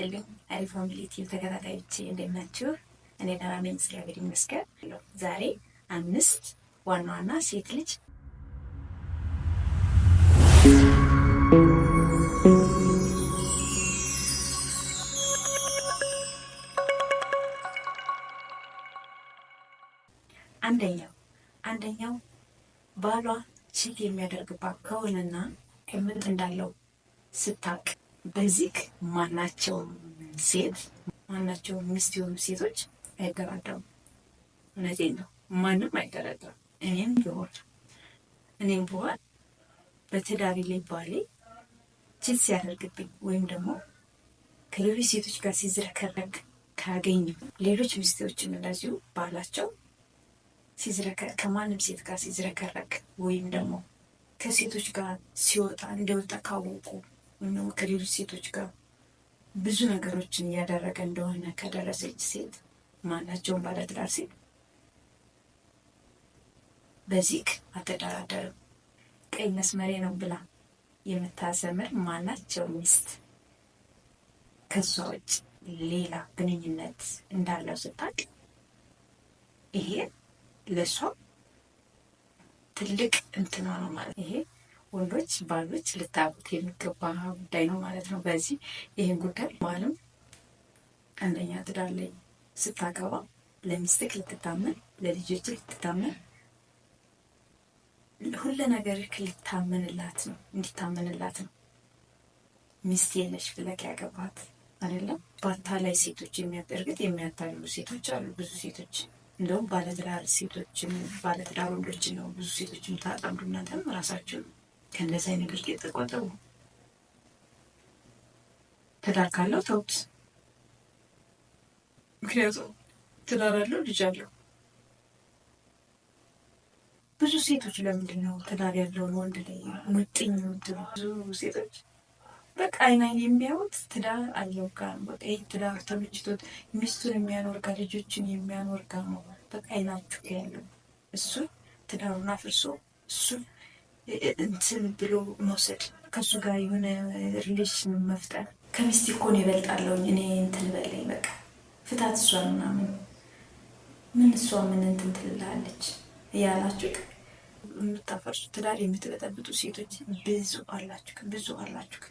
ይስጥልኝ። አሪፍ ፋሚሊ ቲቪ ተከታታዮች እንዴት ናችሁ? እኔ ደህና ነኝ፣ እግዚአብሔር ይመስገን። ዛሬ አምስት ዋና ዋና ሴት ልጅ አንደኛው አንደኛው ባሏ ቺት የሚያደርግባት ከሆነና ከምንት እንዳለው ስታቅ በዚህ ማናቸው ሴት ማናቸው ሚስት የሆኑ ሴቶች አይደራደሩም። እውነቴን ነው። ማንም አይደራደሩም። እኔም ቢሆን እኔም ቢሆን በትዳሪ ላይ ባሌ ችት ሲያደርግብኝ ወይም ደግሞ ከሌሎች ሴቶች ጋር ሲዝረከረክ ካገኙ ሌሎች ሚስቴዎች እንደዚሁ ባላቸው ከማንም ሴት ጋር ሲዝረከረክ ወይም ደግሞ ከሴቶች ጋር ሲወጣ እንደወጣ ካወቁ ከሌሎች ሴቶች ጋር ብዙ ነገሮችን እያደረገ እንደሆነ ከደረሰች ሴት ማናቸውም ባለትዳር ሴት በዚህ አልተደራደርም ቀይ መስመሬ ነው ብላ የምታሰምር ማናቸው ሚስት ከሷ ውጭ ሌላ ግንኙነት እንዳለው ስታቅ ይሄ ለእሷ ትልቅ እንትኗ ነው ማለት ይሄ ወንዶች ባሎች ልታውቁት የሚገባ ጉዳይ ነው ማለት ነው። በዚህ ይህን ጉዳይ ማለም አንደኛ ትዳር ላይ ስታገባ ለሚስትክ ልትታመን፣ ለልጆች ልትታመን፣ ሁለ ነገር ልታመንላት ነው እንዲታመንላት ነው። ሚስት የለሽ ፍለግ ያገባት አይደለም። ላይ ሴቶች የሚያደርግት የሚያታልሉ ሴቶች አሉ። ብዙ ሴቶች እንደውም ባለትዳር ሴቶችን ባለትዳር ወንዶችን ነው ብዙ ሴቶችን ታጠምዱ እናንተም ራሳችሁ ከእንደዚህ አይነት ድርጊት ተቆጠቡ። ትዳር ካለው ተውት። ምክንያቱም ትዳር አለው ልጅ አለው። ብዙ ሴቶች ለምንድን ነው ትዳር ያለውን ወንድ ላይ ሙጥኝ የምትሉ? ብዙ ሴቶች በቃ አይና የሚያዩት ትዳር አለው ጋር በቃ ይህ ትዳር ተመችቶት ሚስቱን የሚያኖር ጋር ልጆችን የሚያኖር ነው። በቃ አይናችሁ ያለው እሱን ትዳሩን አፍርሶ እሱን እንትን ብሎ መውሰድ ከሱ ጋር የሆነ ሪሌሽን መፍጠር ከሚስቴ እኮ ነው ይበልጣለሁኝ እኔ እንትን በለኝ በቃ ፍታት እሷ ምናምን ምን እሷ ምን እንትን ትልላለች እያላችሁ የምታፈርሱ ትዳር የምትበጠብጡ ሴቶች ብዙ አላችሁ ብዙ አላችሁ።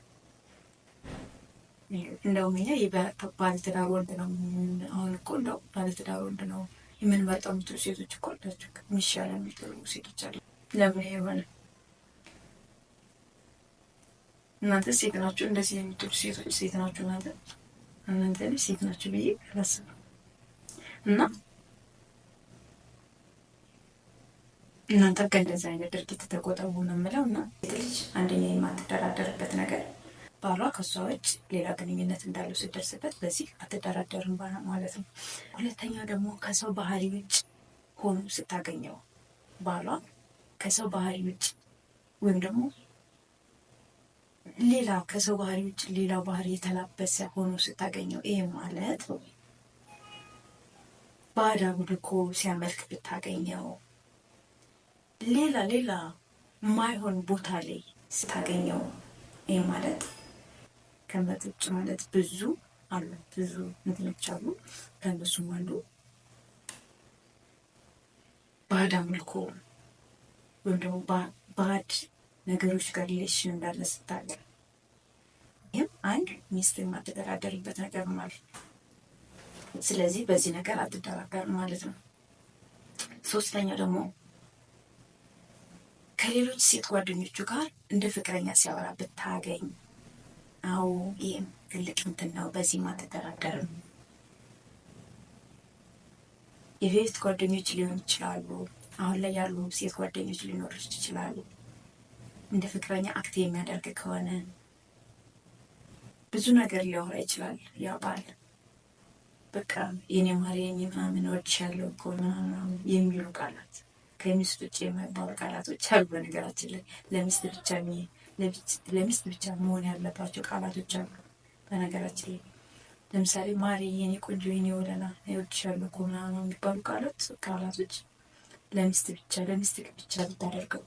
እንደውም እኛ ባለትዳር ወንድ ነው አሁን እኮ እንደው ባለትዳር ወንድ ነው የምንመርጠው የምትሉ ሴቶች እኮ አላችሁ። የሚሻለ የሚጥሉ ሴቶች አለ ለምን የሆነ እናንተ ሴት ናችሁ እንደዚህ የምትሉ ሴቶች ሴት ናችሁ እናንተ እናንተ ሴት ናችሁ ብዬ አላስብም። እና እናንተ ከእንደዚህ አይነት ድርጊት ተቆጠቡ ነው የምለው። እና ልጅ አንደኛ የማትደራደርበት ነገር ባሏ ከእሷ ውጭ ሌላ ግንኙነት እንዳለው ስደርስበት በዚህ አትደራደርም ማለት ነው። ሁለተኛ ደግሞ ከሰው ባህሪ ውጭ ሆኖ ስታገኘው ባሏ ከሰው ባህሪ ውጭ ወይም ደግሞ ሌላ ከሰው ባህሪ ውጭ ሌላው ባህሪ የተላበሰ ሆኖ ስታገኘው ይህ ማለት ባዕድ አምልኮ ሲያመልክ ብታገኘው፣ ሌላ ሌላ ማይሆን ቦታ ላይ ስታገኘው ይህ ማለት ከመጠጥ ውጭ ማለት ብዙ አሉ፣ ብዙ እንትኖች አሉ። ከእነሱም አሉ ባዕድ አምልኮ ወይም ደግሞ ባዕድ ነገሮች ጋር ሌሽን እንዳለ ስታገኝ አንድ ሚስት የማትደራደርበት ነገር ነው ማለት ስለዚህ በዚህ ነገር አትደራደር ማለት ነው። ሶስተኛው ደግሞ ከሌሎች ሴት ጓደኞቹ ጋር እንደ ፍቅረኛ ሲያወራ ብታገኝ፣ አዎ ይህም ትልቅ እንትን ነው። በዚህ አትደራደርም። የቤት ጓደኞች ሊሆን ይችላሉ። አሁን ላይ ያሉ ሴት ጓደኞች ሊኖሩ ይችላሉ። እንደ ፍቅረኛ አክት የሚያደርግ ከሆነ ብዙ ነገር ሊያወራ ይችላል። ያ ባል በቃ የኔ ማሪ የኔ ምናምን እወድሻለሁ እኮ ምናምን የሚሉ ቃላት ከሚስት ውጭ የማይባሉ ቃላቶች አሉ። በነገራችን ላይ ለሚስት ብቻ ለሚስት ብቻ መሆን ያለባቸው ቃላቶች አሉ። በነገራችን ላይ ለምሳሌ ማሪ የኔ ቆንጆ የኔ ወለላ እወድሻለሁ እኮ ምናምን የሚባሉ ቃላት ቃላቶች ለሚስት ብቻ ለሚስት ብቻ ብታደርገው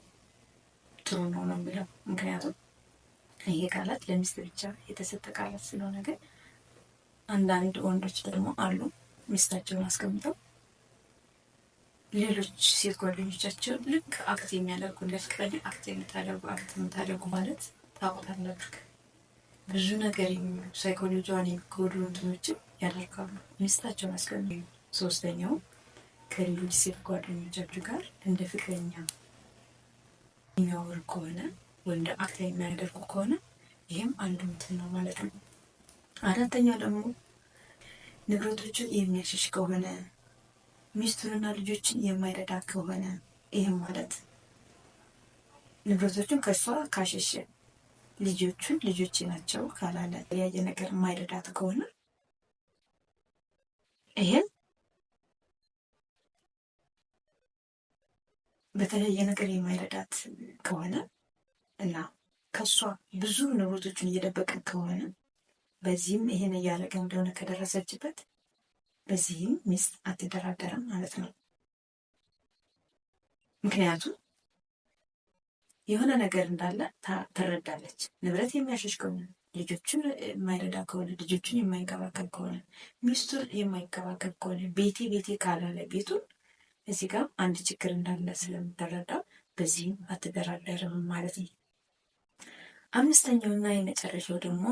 ጥሩ ነው ነው የሚለው ምክንያቱም ይሄ ቃላት ለሚስት ብቻ የተሰጠ ቃላት ስለሆነ ግን አንዳንድ ወንዶች ደግሞ አሉ ሚስታቸውን አስቀምጠው ሌሎች ሴት ጓደኞቻቸው ልክ አክት የሚያደርጉ እንደ ፍቅረኛ አክት የምታደርጉ አክት የምታደርጉ ማለት ታውቁታላችሁ። ብዙ ነገር ሳይኮሎጂዋን የሚጎዱ እንትኖችን ያደርጋሉ። ሚስታቸውን አስቀምጠው። ሶስተኛው ከሌሎች ሴት ጓደኞቻችሁ ጋር እንደ ፍቅረኛ የሚያወሩ ከሆነ ወንድ እንደ አክት የሚያደርጉ ከሆነ ይህም አንዱ እንትን ነው ማለት ነው። አራተኛው ደግሞ ንብረቶችን የሚያሸሽ ከሆነ ሚስቱንና ልጆችን የማይረዳ ከሆነ ይህም ማለት ንብረቶቹን ከእሷ ካሸሸ ልጆቹን ልጆቼ ናቸው ካላለ የተለያየ ነገር የማይረዳት ከሆነ ይህን በተለያየ ነገር የማይረዳት ከሆነ እና ከእሷ ብዙ ንብረቶቹን እየደበቀን ከሆነ በዚህም ይሄን እያለቀ እንደሆነ ከደረሰችበት በዚህም ሚስት አትደራደርም ማለት ነው። ምክንያቱም የሆነ ነገር እንዳለ ትረዳለች። ንብረት የሚያሸሽ ከሆነ ልጆቹን የማይረዳ ከሆነ ልጆቹን የማይንከባከብ ከሆነ ሚስቱን የማይንከባከብ ከሆነ ቤቴ ቤቴ ካላለ ቤቱን እዚህ ጋር አንድ ችግር እንዳለ ስለምትረዳው በዚህም አትደራደርም ማለት ነው። አምስተኛውና የመጨረሻው ደግሞ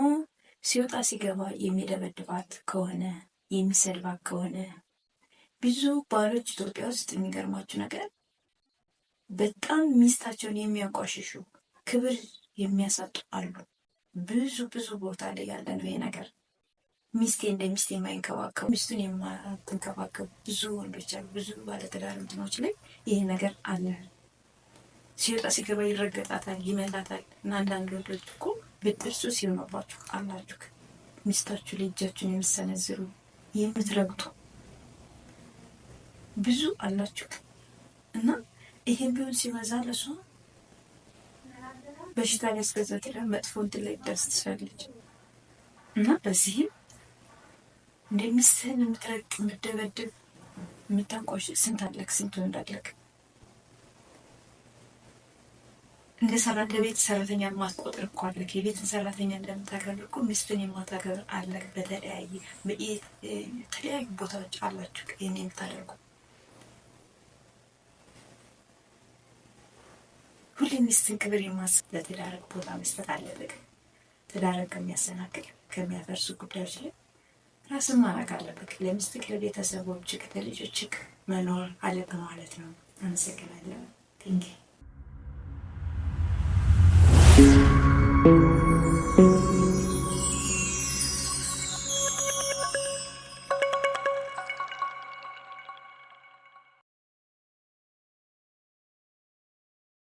ሲወጣ ሲገባ የሚደበድባት ከሆነ የሚሰድባት ከሆነ ብዙ ባሎች ኢትዮጵያ ውስጥ የሚገርማችሁ ነገር በጣም ሚስታቸውን የሚያቋሽሹ ክብር የሚያሳጡ አሉ። ብዙ ብዙ ቦታ ላይ ያለ ነው ይሄ ነገር። ሚስቴ እንደ ሚስቴ የማይንከባከቡ ሚስቱን የማትንከባከቡ ብዙ ወንዶች አሉ። ብዙ ባለትዳር እንትኖች ላይ ይህ ነገር አለ። ሲወጣ ሲገባ ይረገጣታል፣ ይመታታል። እና አንዳንድ ወንዶች እኮ ብድር ሱስ ይሆንባችሁ አላችሁ። ሚስታችሁ ላይ እጃችሁን የምትሰነዝሩ የምትረግጡ ብዙ አላችሁ። እና ይሄን ቢሆን ሲበዛ ለሱ በሽታ ሊያስገዛት ይችላል። መጥፎ እንትን ላይ ደርስ ትችላለች። እና በዚህም እንደ ሚስትህን የምትረቅ የምትደበድብ የምታንቋሽ ስንት አለክ ስንት ወንድ አለክ እንደ ሰራ እንደ ቤት ሰራተኛ ማስቆጥር እኮ አለ። የቤትን ሰራተኛ እንደምታከብር እኮ ሚስትን የማታከብር አለ። በተለያየ የተለያዩ ቦታዎች አላችሁ ይህን የምታደርጉ ሁሌ ሚስትን ክብር የማስብ ቦታ መስጠት አለብህ። ትዳርን ከሚያሰናክል ከሚያፈርሱ ጉዳዮች ላይ ራስን ማራቅ አለብህ። ለሚስት ለቤተሰቦችህ ለልጆችህ መኖር አለብህ ማለት ነው። አመሰግናለሁ። ቴንኪ